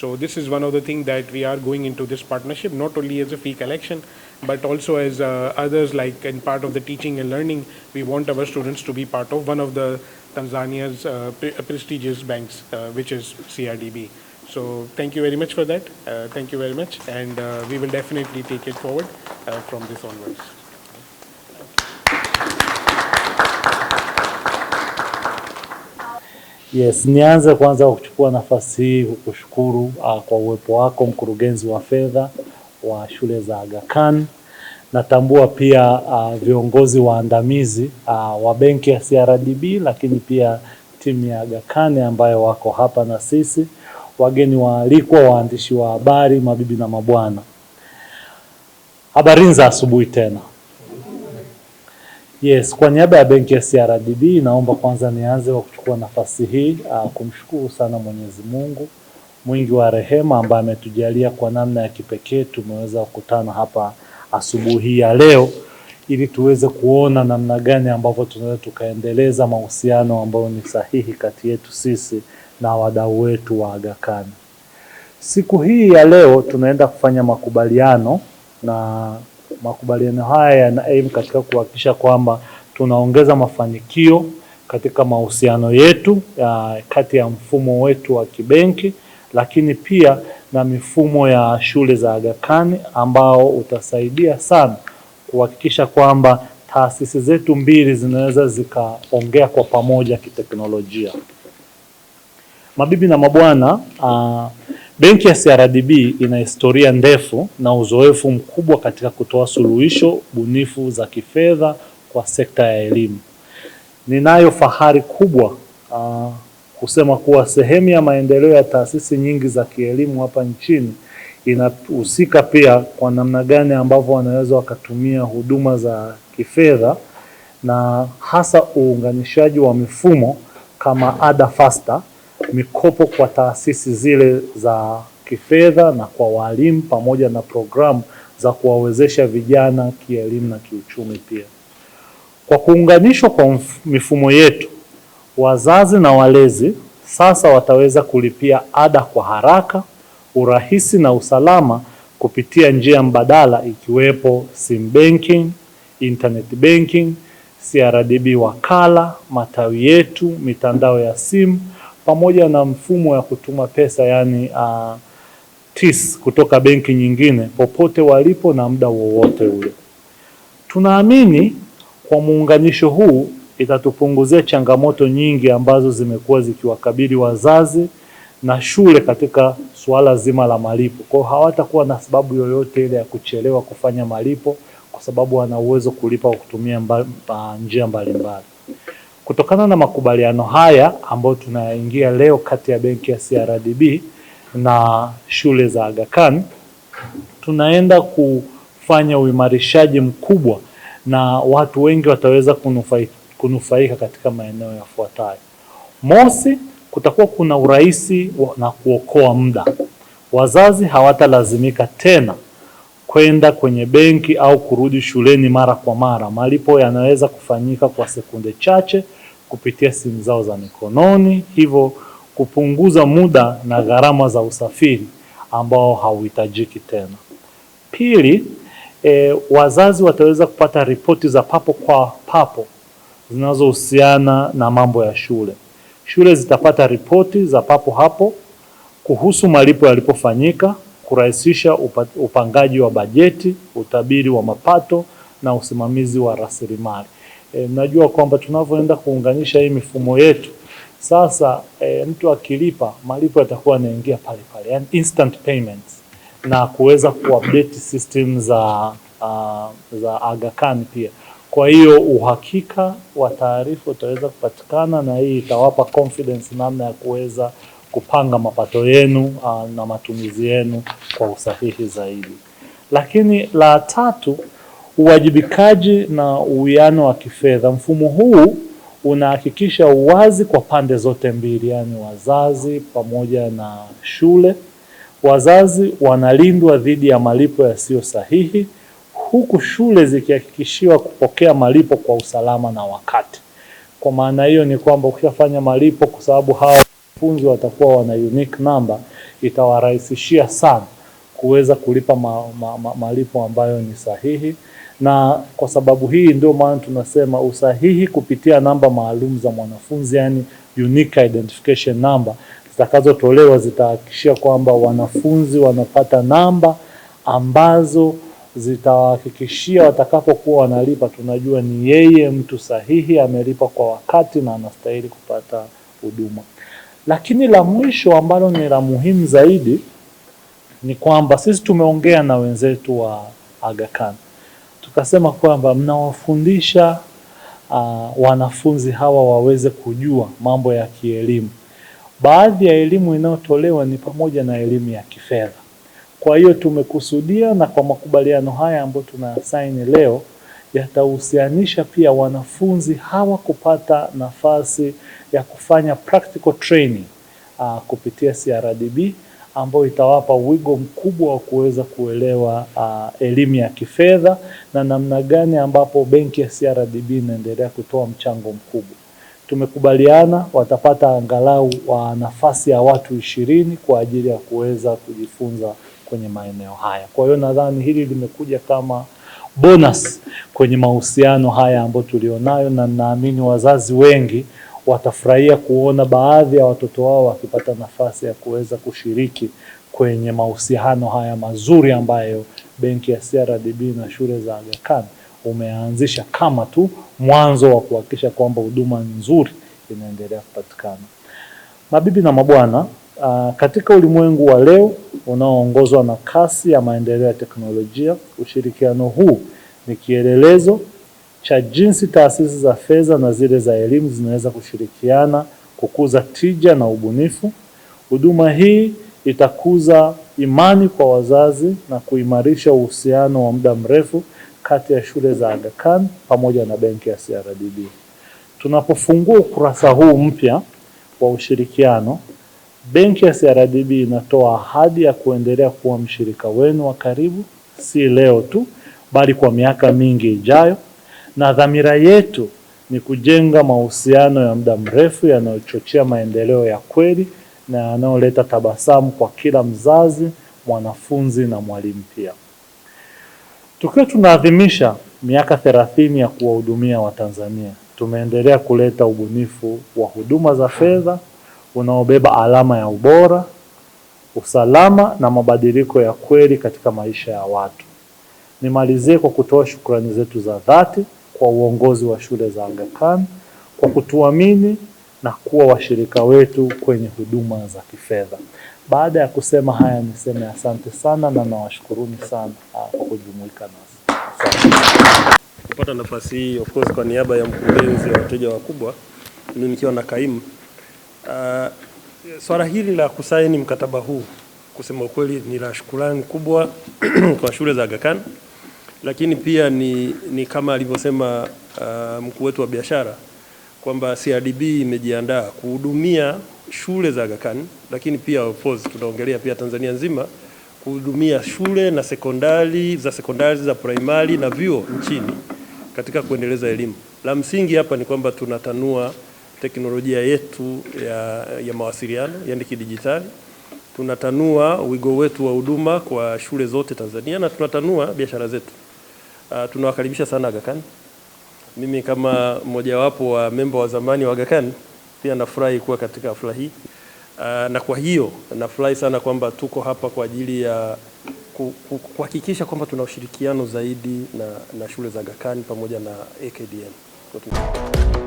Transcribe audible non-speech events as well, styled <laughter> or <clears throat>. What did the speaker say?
So this is one of the things that we are going into this partnership, not only as a fee collection, but also as uh, others like in part of the teaching and learning, we want our students to be part of one of the Tanzania's uh, uh prestigious banks, uh, which is CRDB. So thank you very much for that. Uh, thank you very much. And uh, we will definitely take it forward from this onwards. Yes, nianze kwanza kwa kuchukua nafasi hii kukushukuru uh, kwa uwepo wako mkurugenzi wa fedha wa shule za Aga Khan. Natambua pia uh, viongozi waandamizi uh, wa benki ya CRDB lakini pia timu ya Aga Khan ambayo wako hapa na sisi, wageni waalikwa, waandishi wa habari, mabibi na mabwana, habari za asubuhi tena. Yes, kwa niaba ya benki ya CRDB naomba kwanza nianze kwa kuchukua nafasi hii uh, kumshukuru sana Mwenyezi Mungu mwingi wa rehema ambaye ametujalia kwa namna ya kipekee tumeweza kukutana hapa asubuhi ya leo ili tuweze kuona namna gani ambavyo tunaweza tukaendeleza mahusiano ambayo ni sahihi kati yetu sisi na wadau wetu wa Aga Khan. Siku hii ya leo tunaenda kufanya makubaliano na Makubaliano haya yana aim katika kuhakikisha kwamba tunaongeza mafanikio katika mahusiano yetu ya kati ya mfumo wetu wa kibenki lakini pia na mifumo ya shule za Aga Khan ambao utasaidia sana kuhakikisha kwamba taasisi zetu mbili zinaweza zikaongea kwa pamoja kiteknolojia. Mabibi na mabwana, uh, Benki ya CRDB ina historia ndefu na uzoefu mkubwa katika kutoa suluhisho bunifu za kifedha kwa sekta ya elimu. Ninayo fahari kubwa uh, kusema kuwa sehemu ya maendeleo ya taasisi nyingi za kielimu hapa nchini inahusika pia kwa namna gani ambavyo wanaweza wakatumia huduma za kifedha na hasa uunganishaji wa mifumo kama ada fasta mikopo kwa taasisi zile za kifedha na kwa walimu pamoja na programu za kuwawezesha vijana kielimu na kiuchumi. Pia kwa kuunganishwa kwa mifumo yetu, wazazi na walezi sasa wataweza kulipia ada kwa haraka, urahisi na usalama kupitia njia mbadala ikiwepo sim banking, internet banking, CRDB wakala, matawi yetu, mitandao ya simu pamoja na mfumo ya kutuma pesa yani uh, TIS kutoka benki nyingine popote walipo na muda wowote ule. Tunaamini kwa muunganisho huu itatupunguzia changamoto nyingi ambazo zimekuwa zikiwakabili wazazi na shule katika suala zima la malipo. Kwa hiyo hawatakuwa na sababu yoyote ile ya kuchelewa kufanya malipo kwa sababu wana uwezo kulipa kwa kutumia mba, uh, njia mbalimbali. Kutokana na makubaliano haya ambayo tunayaingia leo kati ya benki ya CRDB na shule za Aga Khan, tunaenda kufanya uimarishaji mkubwa na watu wengi wataweza kunufaika, kunufaika katika maeneo yafuatayo. Mosi, kutakuwa kuna urahisi na kuokoa muda. Wazazi hawatalazimika tena kwenda kwenye benki au kurudi shuleni mara kwa mara. Malipo yanaweza kufanyika kwa sekunde chache kupitia simu zao za mikononi, hivyo kupunguza muda na gharama za usafiri ambao hauhitajiki tena. Pili, e, wazazi wataweza kupata ripoti za papo kwa papo zinazohusiana na mambo ya shule. Shule zitapata ripoti za papo hapo kuhusu malipo yalipofanyika, kurahisisha upangaji wa bajeti, utabiri wa mapato na usimamizi wa rasilimali e, eh, najua kwamba tunavyoenda kuunganisha hii mifumo yetu sasa e, mtu akilipa malipo yatakuwa yanaingia pale pale, yani instant payments, na kuweza kuupdate system za uh, za Aga Khan pia. Kwa hiyo uhakika wa taarifa utaweza kupatikana, na hii itawapa confidence namna ya kuweza kupanga mapato yenu uh, na matumizi yenu kwa usahihi zaidi. Lakini la tatu uwajibikaji na uwiano wa kifedha. Mfumo huu unahakikisha uwazi kwa pande zote mbili, yaani wazazi pamoja na shule. Wazazi wanalindwa dhidi ya malipo yasiyo sahihi, huku shule zikihakikishiwa kupokea malipo kwa usalama na wakati. Kwa maana hiyo ni kwamba ukishafanya malipo, kwa sababu hawa wanafunzi watakuwa wana unique number, itawarahisishia sana kuweza kulipa ma, ma, ma, malipo ambayo ni sahihi na kwa sababu hii ndio maana tunasema usahihi kupitia namba maalum za mwanafunzi, yani unique identification number zitakazotolewa zitahakikishia kwamba wanafunzi wanapata namba ambazo zitawahakikishia watakapokuwa wanalipa, tunajua ni yeye mtu sahihi amelipa kwa wakati na anastahili kupata huduma. Lakini la mwisho ambalo ni la muhimu zaidi ni kwamba sisi tumeongea na wenzetu wa Aga Khan tukasema kwamba mnawafundisha uh, wanafunzi hawa waweze kujua mambo ya kielimu. Baadhi ya elimu inayotolewa ni pamoja na elimu ya kifedha. Kwa hiyo tumekusudia, na kwa makubaliano haya ambayo tunasaini leo, yatahusianisha pia wanafunzi hawa kupata nafasi ya kufanya practical training uh, kupitia CRDB ambayo itawapa wigo mkubwa wa kuweza kuelewa uh, elimu ya kifedha na namna gani ambapo benki ya CRDB inaendelea kutoa mchango mkubwa. Tumekubaliana watapata angalau wa ah, nafasi ya watu ishirini kwa ajili ya kuweza kujifunza kwenye maeneo haya. Kwa hiyo nadhani hili limekuja kama bonus kwenye mahusiano haya ambayo tulionayo, na naamini wazazi wengi watafurahia kuona baadhi ya watoto wao wakipata nafasi ya kuweza kushiriki kwenye mahusiano haya mazuri ambayo benki ya CRDB na shule za Aga Khan umeanzisha kama tu mwanzo wa kuhakikisha kwamba huduma nzuri inaendelea kupatikana. Mabibi na mabwana, uh, katika ulimwengu wa leo unaoongozwa na kasi ya maendeleo ya teknolojia, ushirikiano huu ni kielelezo cha jinsi taasisi za fedha na zile za elimu zinaweza kushirikiana kukuza tija na ubunifu. Huduma hii itakuza imani kwa wazazi na kuimarisha uhusiano wa muda mrefu kati ya shule za Aga Khan pamoja na benki ya CRDB. Tunapofungua ukurasa huu mpya wa ushirikiano, benki ya CRDB inatoa ahadi ya kuendelea kuwa mshirika wenu wa karibu, si leo tu, bali kwa miaka mingi ijayo na dhamira yetu ni kujenga mahusiano ya muda mrefu yanayochochea maendeleo ya kweli na yanayoleta tabasamu kwa kila mzazi, mwanafunzi na mwalimu pia. Tukiwa tunaadhimisha miaka thelathini ya kuwahudumia Watanzania, tumeendelea kuleta ubunifu wa huduma za fedha unaobeba alama ya ubora, usalama na mabadiliko ya kweli katika maisha ya watu. Nimalizie kwa kutoa shukrani zetu za dhati kwa uongozi wa shule za Aga Khan kwa kutuamini na kuwa washirika wetu kwenye huduma za kifedha. Baada ya kusema haya, niseme asante sana na nawashukuruni sana ah, kwa kujumuika nasi. Kupata nafasi hii, of course, kwa niaba ya mkurugenzi wa wateja wakubwa, mimi nikiwa na kaimu uh, swala hili la kusaini mkataba huu kusema ukweli ni la shukurani kubwa <clears throat> kwa shule za Aga Khan lakini pia ni, ni kama alivyosema uh, mkuu wetu wa biashara kwamba CRDB imejiandaa kuhudumia shule za Aga Khan, lakini pia of course tunaongelea pia Tanzania nzima kuhudumia shule na sekondari za sekondari za primary na vyuo nchini katika kuendeleza elimu. La msingi hapa ni kwamba tunatanua teknolojia yetu ya, ya mawasiliano yani kidijitali, tunatanua wigo wetu wa huduma kwa shule zote Tanzania na tunatanua biashara zetu. Uh, tunawakaribisha sana Aga Khan. Mimi kama mmojawapo wa memba wa zamani wa Aga Khan pia nafurahi kuwa katika hafla hii uh, na kwa hiyo nafurahi sana kwamba tuko hapa kwa ajili ya kuhakikisha kwamba tuna ushirikiano zaidi na, na shule za Aga Khan pamoja na AKDM.